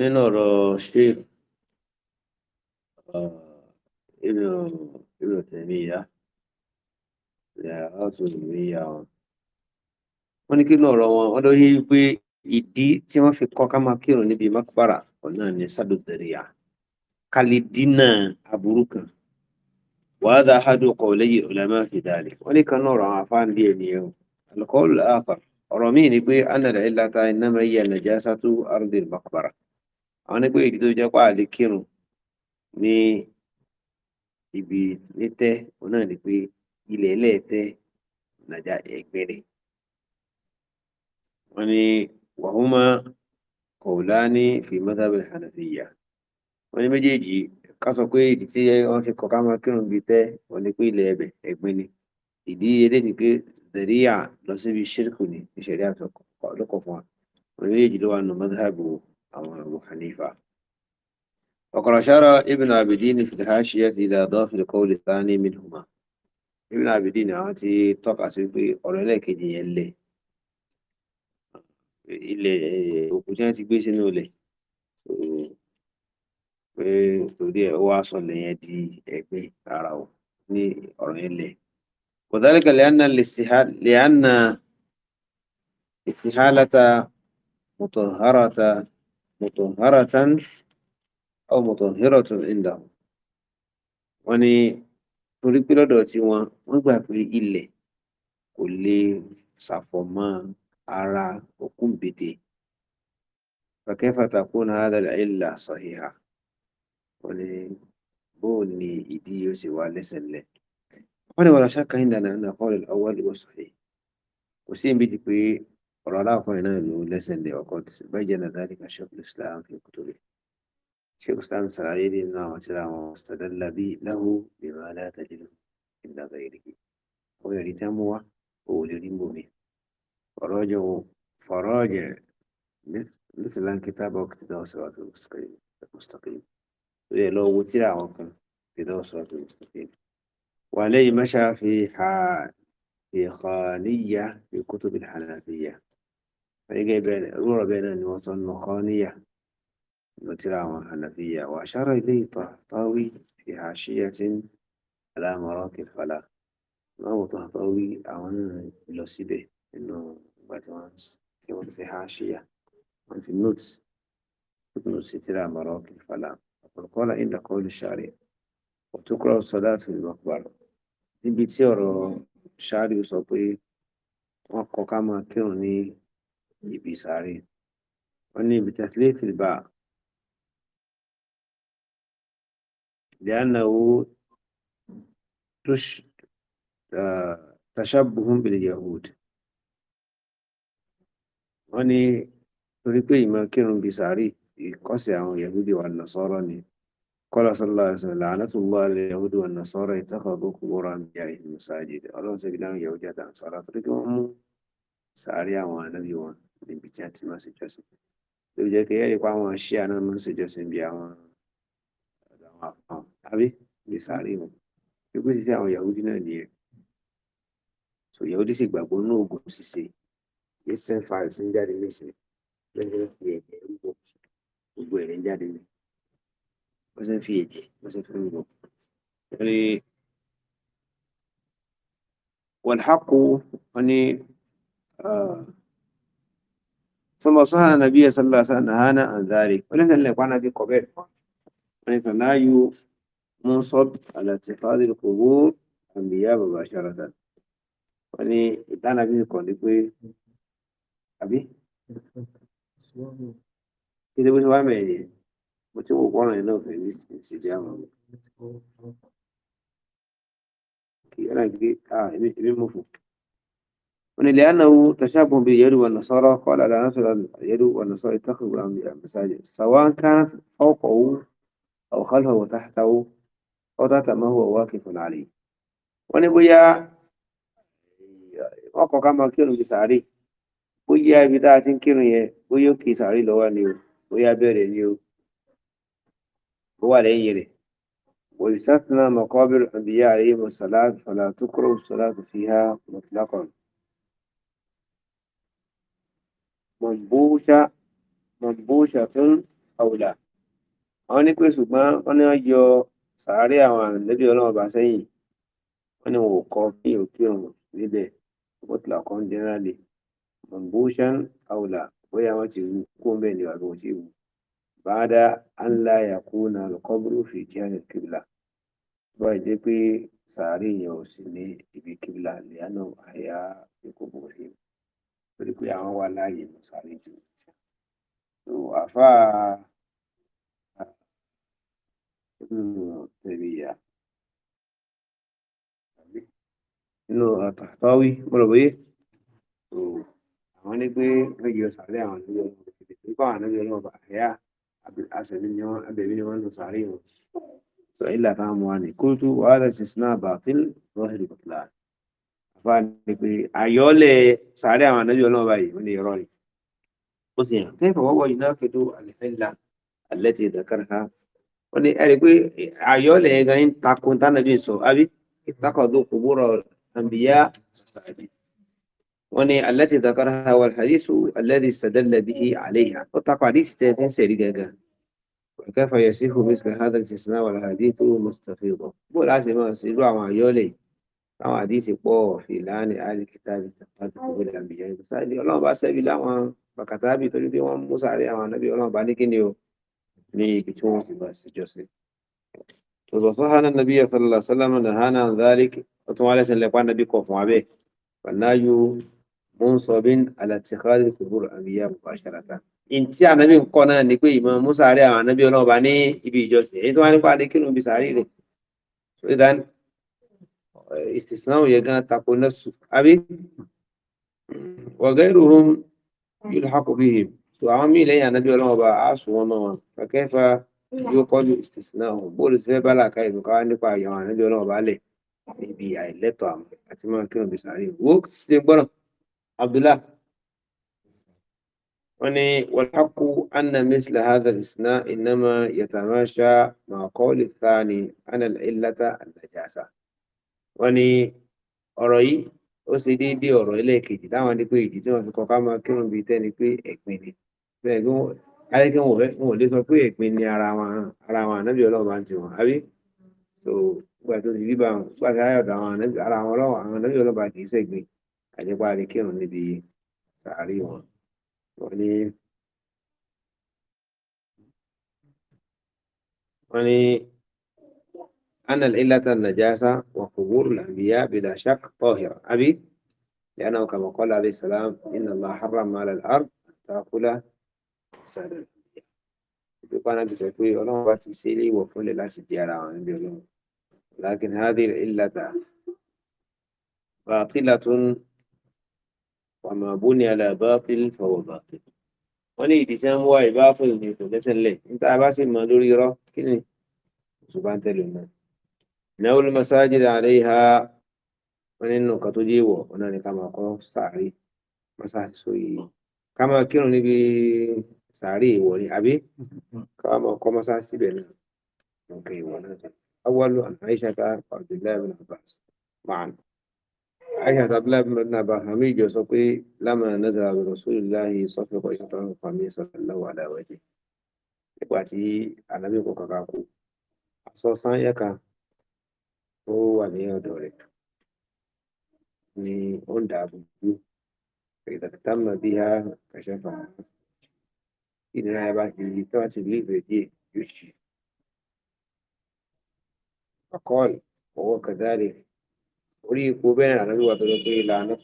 nínú ọ̀rọ̀ ṣe inú inú tẹ̀mí ìyá láti ìlú ìyá wọn wọ́n ní kí inú ọ̀rọ̀ wọn wọ́n ló yí pé ìdí tí wọ́n fi kọ́ ká máa kírun níbi makbara ọ̀nà ní sádùtẹ̀ríyà ká lè dínà aburú kan wàá dá hádùn kọ̀ lẹ́yìn ulama fi dhalika wọ́n kan náà ọ̀rọ̀ àwọn afáàn bí ènìyàn alukọ́ọ̀lù àpà ọ̀rọ̀ míì ni pé anàlẹ́ ìlàta innama hiya najasatu ardil makbara àwọn ní pé ìdí tó jẹ́ pé àlè kírun ní ibi nítẹ́ òun náà ni pé ilẹ̀ ẹlẹ́ẹ̀tẹ́ nàjà ẹgbẹ̀rẹ̀ wọ́n ní wàhúmá kọ̀ọ̀láni fi mọ́tàbí hànàfíyà méjèèjì ká sọ pé ìdí tí wọ́n fi kọ̀ ká máa kírun bíi tẹ́ wọn ni ìdí ni pé lọ síbi ṣírkù ni fún wa méjèèjì أو أبو حنيفة وقد أشار ابن عبدين في الحاشية إلى ضعف القول الثاني منهما ابن عبدين àti tọ́ka sí pé ọ̀rọ̀ ẹlẹ́ẹ̀kejì yẹn lẹ̀ ilẹ̀ òkú tí wọ́n ti gbé sínú ilẹ̀ pé torí ẹ̀ wá sọlẹ̀ وذلك لأن الاستحال لأن استحالة مطهرة مطهرة أو مطهرة عندهم wọ́n ní tí wọ́n wọ́n gbà pé kò lè ara òkúńbèdè فكيف تكون هذا العلة صحيحة wọ́n ní bóò ni ìdí yóò ṣe wá lẹ́sẹ̀ lẹ̀ wọ́n ní ولا شك عندنا أن القول kò sí ibi pé العلاقة هنا أنه ليس عندي وقت بين ذلك الشيخ الإسلام في كتبه الشيخ الإسلام السعيدي نعم سلامه واستدل به له بما لا تجده إلا غيره ويرتمه ويرمه به فراجع فراجع مثل الكتاب واقتداء صراط المستقيم المستقيم ولو وتلا وكان اقتداء صراط المستقيم وعليه مشى في حال في خالية في كتب الحنفية gẹ́gẹ́ bẹ́ẹ̀ rúrọ̀ bẹ́ẹ̀ náà ni wọ́n sọ nù kọ́níyà ló tíra àwọn hànàfíyà wà ṣára ilé ìtọ̀ tọ́wí fi àṣíyẹ tí ń aláàmọ̀rọ̀ kẹfàlà máwò tó tọ́wí àwọn náà lọ síbẹ̀ nínú ìgbà tí wọ́n tí wọ́n ti àṣíyà wọ́n fi notes tó nù sí tíra àmọ̀rọ̀ kẹfàlà ọ̀pọ̀lọpọ̀lá ìdá kọ́ lè ṣàrẹ̀ ọ̀túnkọ́rọ̀ sọdá tó lè mọ̀kúbàrọ̀ níbi tí ọ̀rọ̀ ṣáàrì sọ pé wọ́n kọ ká máa kírun ní بيساري أني بتثليث الباء لأنه تش تشبه باليهود أني تريد ما كانوا بيساري قصة يهودي والنصارى قال صلى الله عليه وسلم لعنة الله اليهود والنصارى اتخذوا قبور أنبيائهم مساجد الله سيدنا يهودي والنصارى تريد sàárè àwọn ànábì wọn níbi tí a ti máa ṣèjọsìn ló jẹ́ kí ẹ̀rí pa àwọn ṣíà náà máa ń ṣèjọsìn bí àwọn ọ̀dọ̀ àwọn àfọ̀n tàbí bí sàárè wọn pípé sí àwọn yahudi náà nìyẹn so yahudi sì gbàgbọ́ ní oògùn ṣíṣe eastern files ń jáde nísìnyí lọ́jọ́ fi ẹ̀jẹ̀ ń bọ̀ gbogbo ẹ̀rẹ̀ ń jáde ní wọ́n sì fi ẹ̀jẹ̀ wọ́n fi ń bọ̀ ni ثم صحن النبي صلى الله عليه وسلم نهانا عن ذلك ولكن اللي قعنا في قبيل ولكن لا منصب على اتخاذ القبور أنبياء مباشرة ولكن إتانا به قول أبي إذا بس وامي يعني بس هو قرن إنه في نس سجامة كي أنا كده آه إمي إمي مفهوم لأنه تشابه باليهود والنصارى قال على نفس اليهود والنصارى اتخذوا المساجد سواء كانت فوقه أو أو خلفه وتحته أو أو تحت ما هو واقف عليه ونبويا ọkọ̀ ká máa kírun ju sàárì bóyá ibi tá a ti ń kírun yẹn bóyá ó kì í sàárì ويستثنى مقابر الأنبياء عليهم الصلاة فلا تكره الصلاة فيها مطلقا mọ̀nbóṣá mọ̀nbóṣá tún àwùlà àwọn ní pé ṣùgbọ́n wọ́n ní wọ́n yọ sàárẹ̀ àwọn ànábì ọlọ́run ọba sẹ́yìn wọ́n ní wọn ò kọ́ bí òkè ọ̀hún níbẹ̀ wọ́n ti là kọ́ ń jẹ́nrálì mọ̀nbóṣá àwùlà bóyá wọ́n ti wú kó ń bẹ̀ ní àbí wọ́n ti wú bàdá ńlá yakuna lọ́kọ́bùrú fìjì àyẹ̀kìbìlà bá jẹ́ pé sàárẹ̀ yẹn ò sí ní ibi kìbìlà lẹ́yìn náà àyà ìkóbó rèé torí pé àwọn wà láàyè mọ̀sáré tí wọ́n ti so àfa tẹ̀lẹ̀yà nínú àtàtàwí mọ̀rọ̀ bóyé so àwọn ní pé wọ́n yọ sàárẹ̀ àwọn ìlú ọmọ òkèlè tó kọ́ àwọn ìlú ọmọ àyà àṣẹ̀mí ni wọ́n abẹ̀mí ni wọ́n lọ sàárẹ̀ wọn so ilà táwọn mọ̀ wá ní kóòtù wàhálà sísìn náà bàtìl lọ́hìrì bàtìláàdì àfa ni pé àyọ́lẹ̀ sàárẹ̀ àwọn ànájọ́ náà báyìí wọ́n lè rọ́ ni ó sì hàn kẹ́fà wọ́wọ́ iná fẹ́tọ́ àlẹ́fẹ́lá alẹ́ ti dàkàrà ha wọ́n ní ẹ̀rí pé àyọ́lẹ̀ yẹn gan ń takò tánàbí sọ àbí ìtakọ̀dọ̀ kò búrọ̀ àǹbíyá sàárẹ̀ wọ́n ní alẹ́ ti dàkàrà ha wà hàdísù bí i àléyà ó takọ̀ àdísì tẹ́ fi ń sẹ̀rí gangan kẹ́fà yẹ sí fún mísìlẹ̀ hádà ti sinà wà hàdísù mustafidọ̀ bó láti máa ṣe irú àwọn àyọ́lẹ̀ yìí táwọn àdìsí pọ̀ fìlànì alikitabi tàbí kòkòrò àmìyàn ìbùsáàdì ọlọ́run bá ṣẹ́bi láwọn bàkàtàbí torí pé wọ́n mú sàárè àwọn anábì ọlọ́run bá ní kíni o ní ibi tí wọ́n ti bá ṣèjọ sí. tòlọ́sọ́hánà nàbí sallallahu alaihi wasallam nàhánà dhalik ó tún wá lẹ́sìn lẹ́pà nàbí kọ̀ fún abẹ́ fanáyú mọ́nsọ́bìn alàtìkárì kòkòrò àmìyàn mubasharatan. ìntí ànábì ńkọ náà ni pé ìmọ̀ mú sàárè àwọn anábì ọlọ́run ní ibi ìjọsìn èyí tó wá nípa adé kírun ibi rẹ̀ استثناء يجان تقول نفس أبي وغيرهم يلحق بهم سوامي لي أنا بيقول ما بعاش وما فكيف يقول استثناء بول سبب بلا كاين كان نبا يا أنا بيقول ما بالي بي أي لتو أتما كنا بساري وقت سيبر عبد الله وني والحق أن مثل هذا الاستثناء إنما يتماشى مع قول الثاني أن العلة النجاسة wọ́n ní ọ̀rọ̀ yìí ó ṣe déédéé ọ̀rọ̀ ẹlẹ́ẹ̀kejì táwọn ní pé ìdí tí wọ́n fi kọ ká máa kírun bíi tẹ́ni pé ẹ̀gbin ni bẹ́ẹ̀ bí wọ́n ayé kí wọ́n ò lè sọ pé ẹ̀gbin ni ara wọn ara wọn ànábì ọlọ́run bá ń tiwọn àbí so nígbà tó ti rí bá wọn nígbà tí ayọ̀dọ̀ àwọn ànábì ara wọn ọlọ́run àwọn ànábì ọlọ́run bá kì í ṣẹ̀gbin àjẹpá lè kírun níbi sàárì wọn wọ́n ní wọ́n ní. أن العلة النجاسة وقبور الأنبياء بلا شك طاهرة أبي لأنه كما قال عليه السلام إن الله حرم على الأرض أن تأكل سادة الأنبياء يقول أنا بتقول أنا باتي سيلي وفول لا سجارة لكن هذه العلة باطلة وما بني على باطل فهو باطل وني ni òṣùpá ń si mo náwó ló masáàjì àlẹ́ ìhà wọn nínú nǹkan tó jẹ́ ìwọ̀ ọ̀nà ni ká máa kọ́ sàárè masáàjì sórí ká máa kírun níbi ni àbí ká máa kọ́ masáàjì síbẹ̀ náà nǹkan ìwọ̀ náà tó. أول عن عائشة عبد الله بن عباس معا عائشة عبد الله بن عباس حميد يوسفي لما نزل برسول الله صلى الله عليه وسلم قميص الله على وجهه nígbà tí ànábì kò kàkà kú aṣọ sáyẹ kan هو ní ọ̀dọ̀ rẹ̀ ni ó ń dáàbò bò ìdàkítà mọ̀ bí a kàṣẹ́ fà á ìnira ẹ̀ bá ti yí tó bá ti lé ìwé díẹ̀ yóò ṣe. فقال بين النبي وتلقي الله على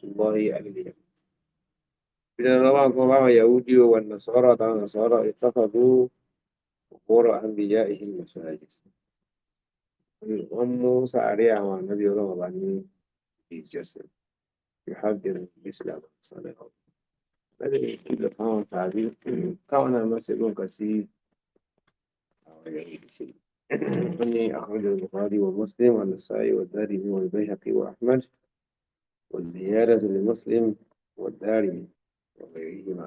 اليهود يهودي والنصارى طبعا النصارى اتخذوا قبور أنبيائهم مساجد wọ́n mú sàárè àwọn ànábì ọlọ́run ọba ní ìjọsìn yuhabir islam sọlẹ̀ lẹ́yìn ìkìlọ̀ fáwọn tàbí káwọn náà máa ṣe lóǹkà sí àwọn èèyàn yìí sí wọ́n ní àkọ́jọ bukhari wa muslim wa nasa'i wa darimi wa bayhaqi wa ahmad wa ziyaratu li muslim wa darimi wa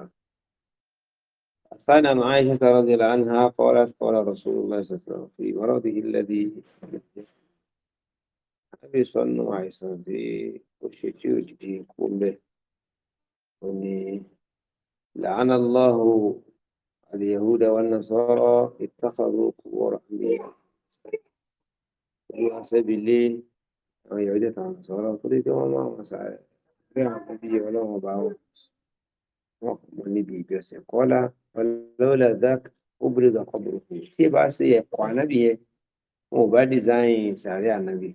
ثانيا عائشة رضي الله عنها قالت قال رسول الله صلى الله عليه وسلم في مرضه الذي أبي صنو عيسى في وشيتي وجدي يقول به أني لعن الله اليهود والنصارى اتخذوا قبور أنبياء وعلى سبيل لي يعني عدت على النصارى وقلت وما ما سعى بها النبي ولا هو بعوض wọn kò mọ níbi ìjọsìn kọ́lá ọlọ́ọ̀lá dak obìnrin kọ̀bùrù tí ẹ bá ṣe ẹ̀kọ́ ànábì yẹn wọn ò bá dìzáìn sàárẹ̀ ànábì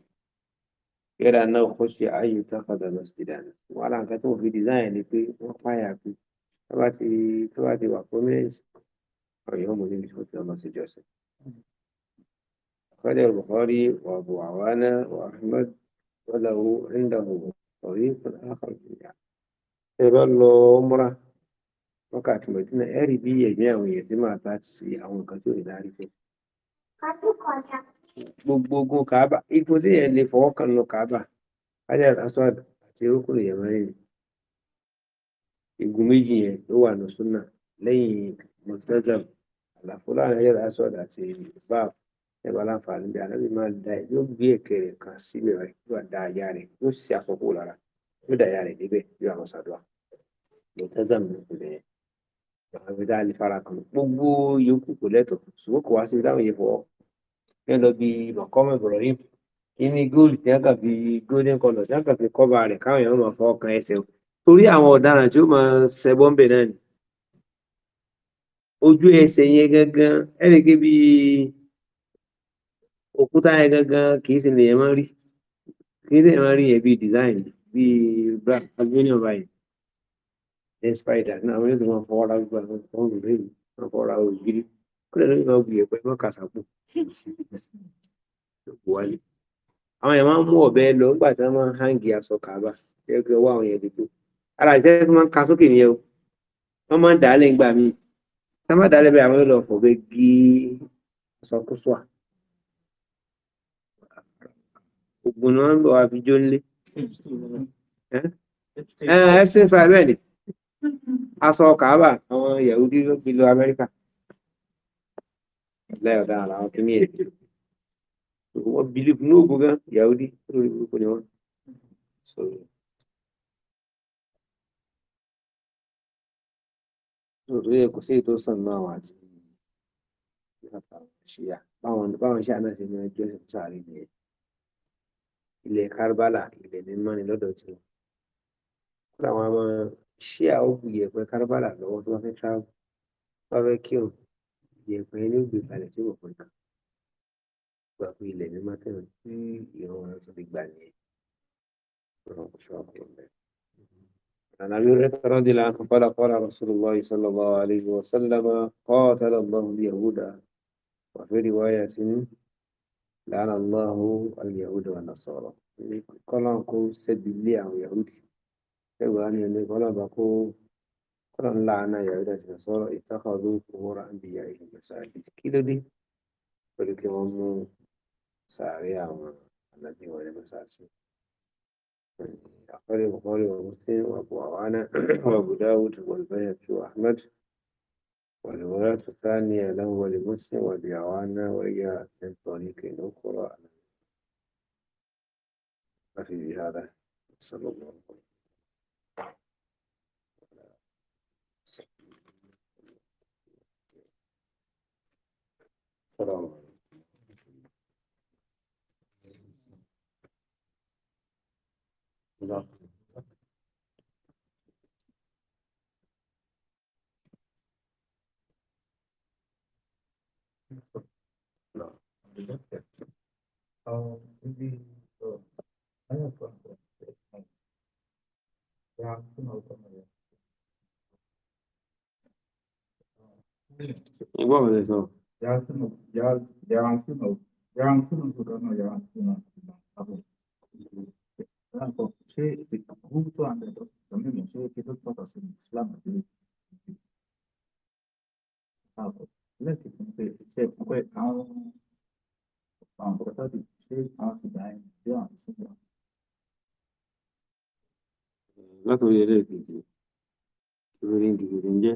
yọ̀dà náà kó ṣe ayé tákàdà lọ sí ìdáná wọn àlà nǹkan tó fi dìzáìn ni pé wọn pààyà pé tó ti tó ti wà pọ́mẹ́ǹsì ọ̀yọ́ mọ̀ níbi tí wọ́n ti lọ sí ìjọsìn. أخرجه البخاري وأبو عوانة وأحمد وله عنده طريق آخر في العالم. عمرة wákàtí mẹ́tìnà ẹ̀rí bí ẹ̀mí àwọn èèyàn ti máa ta sí àwọn nǹkan tí ò gbogbo ogun kaaba ipò tí yẹn lè fọwọ́ kan lọ kaaba aswad àti erékùn yẹn igun méjì yẹn ló wà ní lẹ́yìn àlàfo láàrin aswad àti bí máa da yóò gbé ẹ̀kẹ́ rẹ̀ kan yóò da rẹ̀ yóò ṣe àkókò lára yóò da rẹ̀ yóò àwọn sàdúrà àbí tá a lè fara kan gbogbo yòókù kò lẹ́tọ̀ ṣùgbọ́n kò wá síbi táwọn yẹn fọwọ́ fẹ́ lọ bí mọ̀kọ́mọ̀ Ibrahim kíní góòlù tí wọ́n kà fi golden colour tí wọ́n kà fi kọ́ba rẹ̀ káwọn èèyàn máa fọwọ́ kan ẹsẹ̀ o torí àwọn ọ̀daràn tí ó máa ṣẹbọ́ ń bẹ̀ náà ni ojú ẹsẹ̀ yẹn gangan ẹnìkan bí òkúta yẹn gangan kì í ṣe lèèyàn máa rí kì í ṣe lèèyàn máa rí yẹn bí design bí aluminium báyìí despite that, na awezi ma gbìyànjú pé má kàṣà pò wálé àwọn èèyàn máa ń mú ọ̀bẹ lọ nígbà tí wọ́n máa ń hangi o aṣọ kàábà àwọn yahudi ló fi lọ amẹ́ríkà lẹ́yìn ọ̀daràn làwọn kìíní ẹ̀ wọ́n bìlífù ní ògùn gan yahudi lórí burúkú ni wọ́n sọ yẹn. òtún yẹ kò sí ètò sàn náà wà tí ṣíyà báwọn báwọn ṣíà náà ṣe ní ọjọ́ ìṣẹ̀lẹ̀ sáré nìyẹn ilẹ̀ karbala ilẹ̀ mímọ́ ni lọ́dọ̀ tiwọn ṣíà ó bu ìyẹ̀pẹ̀ kárúbálà lọ́wọ́ tó bá fẹ́ travel tó bá fẹ́ kírun ìyẹ̀pẹ̀ yẹn ló gbé kalẹ̀ tí kò pẹ́ kan gba pé ilẹ̀ mímọ́ tẹ̀wọ̀n tí ìrún ọ̀run tó fi gbà nìyẹn ọ̀rọ̀ kò ṣọ́ àpò ọ̀bẹ. عن أبي هريرة رضي الله عنه قال قال رسول الله صلى الله عليه وسلم قاتل الله اليهود وفي رواية لعن الله اليهود والنصارى قال أنكم سبيل الله يهودي ẹgbàá ni ẹni kan náà bá kó kọ́lọ̀ ńlá àná yàrá ti sọ̀rọ̀ ìtàkàdó kòwòrán àbíyá ìlú mẹ́sàájì kí ló dé pẹ̀lú kí wọ́n mú sàárẹ̀ àwọn ànábì wọn ní mẹ́sàájì. أخرج البخاري ومسلم وأبو عوانة وأبو داود والبيهقي وأحمد والرواية الثانية له ولمسلم وأبي عوانة وهي من طريق أخرى ما في بهذا صلى الله عليه وسلم السلام عليكم Igual, mas não. Yansın, yansın, yansın, yansın, yansın, yansın, yansın. Tamam. Şey, junto a nosotros, también me sé que nosotros hacemos Islam, Tamam. Lẹ́kì tó ń pè ṣe pé àwọn àwọn pọ̀tàdì ṣé àwọn ti dà ẹni bí àwọn ìsinmi àwọn. Látòrí ẹlẹ́ẹ̀kejì, ìròyìn ìdìbò ń jẹ́.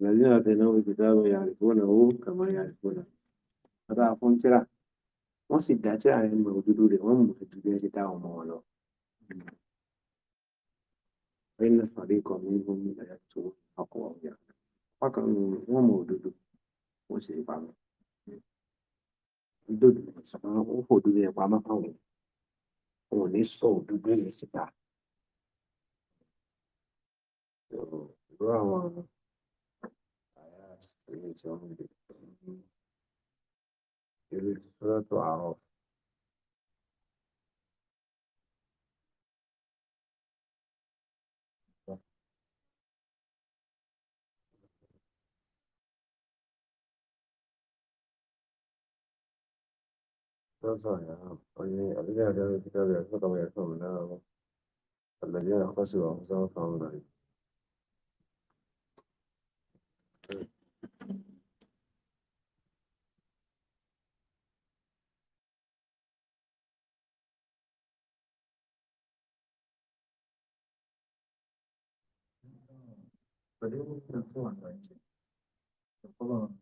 الذين آتيناهم الكتاب يعرفونه كما يعرفون ọ̀dà fún tíra wọ́n sì dá tíra yẹn mọ̀ òdodo rẹ̀ wọ́n mọ̀ ju bí wọ́n ti dá ọmọ wọn lọ. ẹ̀yin náà fàdé kan ní omi ẹ̀yà tó ọkọ̀ ọ̀yà bákan wọ́n mọ̀ òdodo wọ́n sì pamọ́. òdodo sọ̀rọ̀ ó fòdodo yẹn pamọ́ fáwọn Wow. يريد سورة أعراف الذين خسروا أنفسهم فهم غريب 그리고는또안가지그거는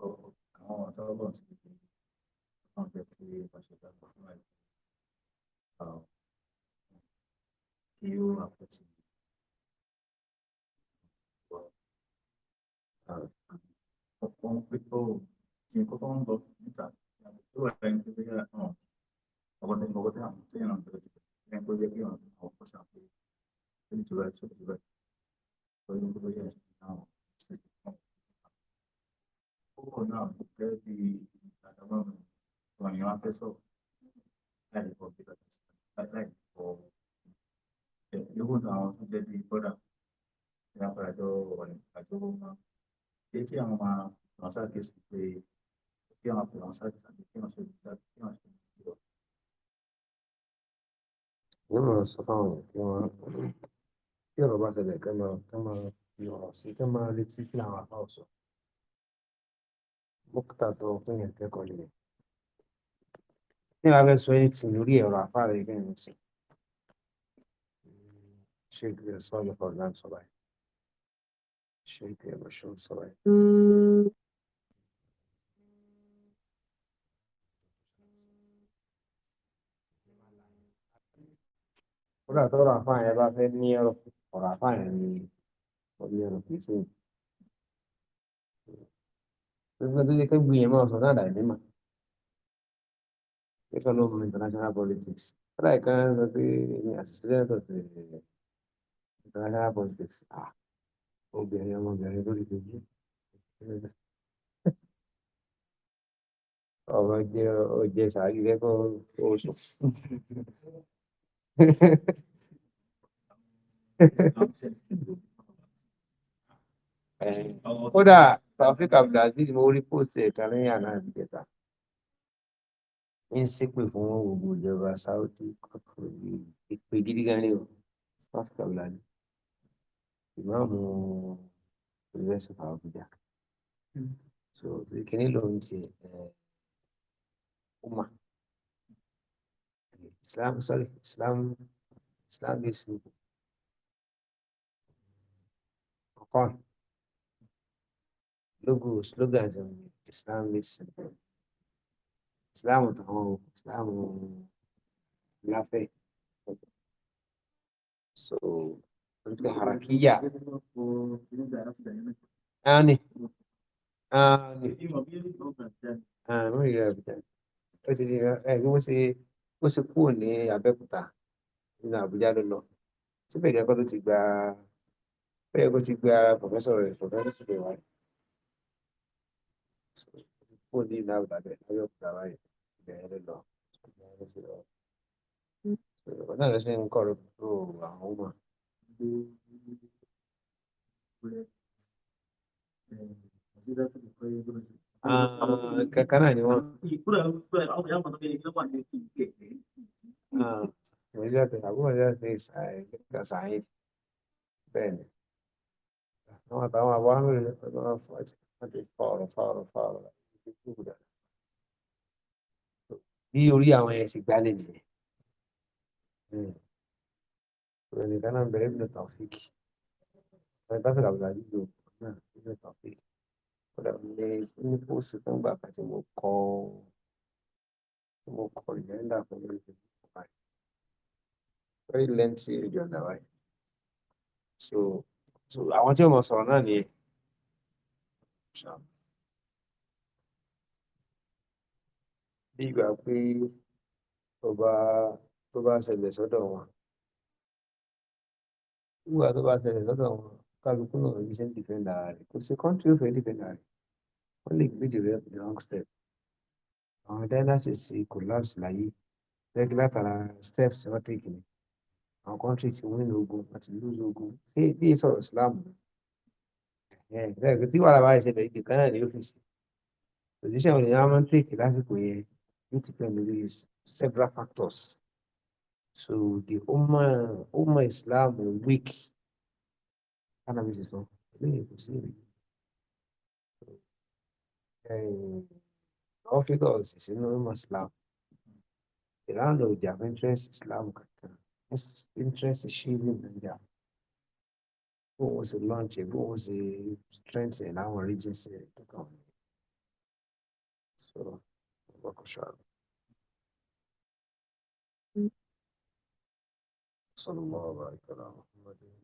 어저번주에어이렇게마시다정말어기후아프지뭐아보통그리고인코동뭐진짜또랭크가어어거든거거든아무튼안그러지랭크얘기는하고싶어그리고주변주변 pẹ̀lú gbogbo yẹn ti ní àwọn ṣe púpọ̀ náà gẹ́gẹ́ bí àdámọ́ mi wọn ni wọn fẹ́ sọ̀rọ̀ láì kọ́ bí láì kọ́ yóò tó àwọn tó jẹ́ bí bọ́dà ní àpàràjọ ọ̀nà àjọ máa ṣe kí àwọn máa ràn ṣàkíyèsí pé kí àwọn àpèrè àwọn ṣàkíyèsí àti kí àwọn ṣe ìgbà kí àwọn ṣe ìgbà. Yóò máa sọ fáwọn kí wọ́n tí ọ̀rọ̀ bá ṣẹlẹ̀ kán máa kán máa fi ọ̀rọ̀ sí kán máa retí kí làwọn àbá ọ̀sọ̀ mọ́kútà tó fún yẹn kẹ́kọ̀ọ́ nìyẹn tí wàá fẹ́ sọ anything lórí ẹ̀rọ àbá rẹ̀ kí n sọ ṣé kí ẹ sọ ọ́ lọ́kọ̀ọ́ kódà tọ̀rọ̀ àfààní bá fẹ́ ní ọ̀rọ̀ ọ̀rọ̀ àfààní ni ọdún ọ̀rọ̀ kìí ṣe gbogbo tó yẹ kó gbìyànjú máa sọ dáadáa ní mà kí sọlọ ọmọ international politics kódà ìkan sọ pé èmi as student of international politics ah obìnrin ọmọbìnrin lórí gbogbo ọ̀rọ̀ jẹ ọjẹ sàárì rẹ kó o sùn. kódà taofik abdulaziz mo rí pósí ẹ̀ka lẹ́yìn àná ìjẹta ń ṣépè fún gbogbo ìjọba saudi kọ́kọ́ ní ìpè gidi gan ni o taofik abdulaziz ìmáàmù university of abuja hmm. so kìnìún lòun ti ẹ̀ ọ́ Islam sorry Islam Islam sini Qol lugus lugah jawabannya Islam is Islam tahu Islam lafe so untuk harakiya ani ani ah, ah, ah, Ani Ani Ani Ani Ani bó ṣe kúrò ní abẹ́òkúta nínú àbújá ló lọ síbẹ̀ ìgbà kan tó ti gba bẹ́ẹ̀ kó ti gba pọ̀fẹ́sọ̀ rẹ̀ pọ̀fẹ́sọ̀ tó ti wà ní kúrò ní ìlú àbújá abẹ́òkúta báyìí ìbẹ̀rẹ̀ ló lọ ọ̀nà náà ló ṣe ń kọ́ ló tó àwọn ọmọ. Consider to be very good kankan náà ni wọ́n. Ìwọ́njẹ́ àti àbúrọ̀jẹ́ àti ìsàáyé bẹ́ẹ̀ ni. Àwọn àtàwọn àbọ̀ àmì rẹ̀ pẹ̀lú wọn fún ọtí wọ́n ti fa ọ̀rọ̀ fa ọ̀rọ̀ fa ọ̀rọ̀ láti fi kú dà. Bí orí àwọn yẹn ti gbálẹ̀ nìyẹn. Ìròyìn kan náà bẹ̀rẹ̀ ìbùdó tàfíìkì. Ìròyìn tàfíìkì àbùdá yìí lò náà ìbùdó tàfíìkì kódà mo ní ní fún ìgbà kan tí mo kọ mo kọ ìyẹ́ńdà fún mi very lengthy age ọ̀nà báyìí so so àwọn tí mo sọ̀rọ̀ náà nìyẹn. bí ìgbà pé tó bá tó bá ṣẹlẹ̀ sọ́dọ̀ wọn. ìgbà tó bá ṣẹlẹ̀ sọ́dọ̀ wọn kálukú náà ibi iṣẹ́ ń dìfẹ́ lára rẹ̀ kò sí kọ́ńtì yóò fẹ́ dìfẹ́ lára rẹ̀ lè gbé the wrong step àwọn dynasties ti collapse láyé lẹ́gbẹ́ látara steps wọ́n tèkì ni àwọn kọ́ńtì ti win ogun àti lose ogun tí ì sọ̀rọ̀ Islam ẹ̀ẹ́dẹ́gbẹ́ tí wàhálà bá ṣẹlẹ̀ ibi kan náà ní ọ́fíìsì position wọn ni wọ́n máa ń tèkì lásìkò yẹn yóò ti pẹ́ lórí several factors so the Ummah Ummah Islam weak. is not analisi sono lì, così. Eh, Orthodox is enormous love. Iran with their interest is love. Interest is shielding in their what was the launch, what was the strength in our regions to come. So, Bakushal. صلى الله عليه وسلم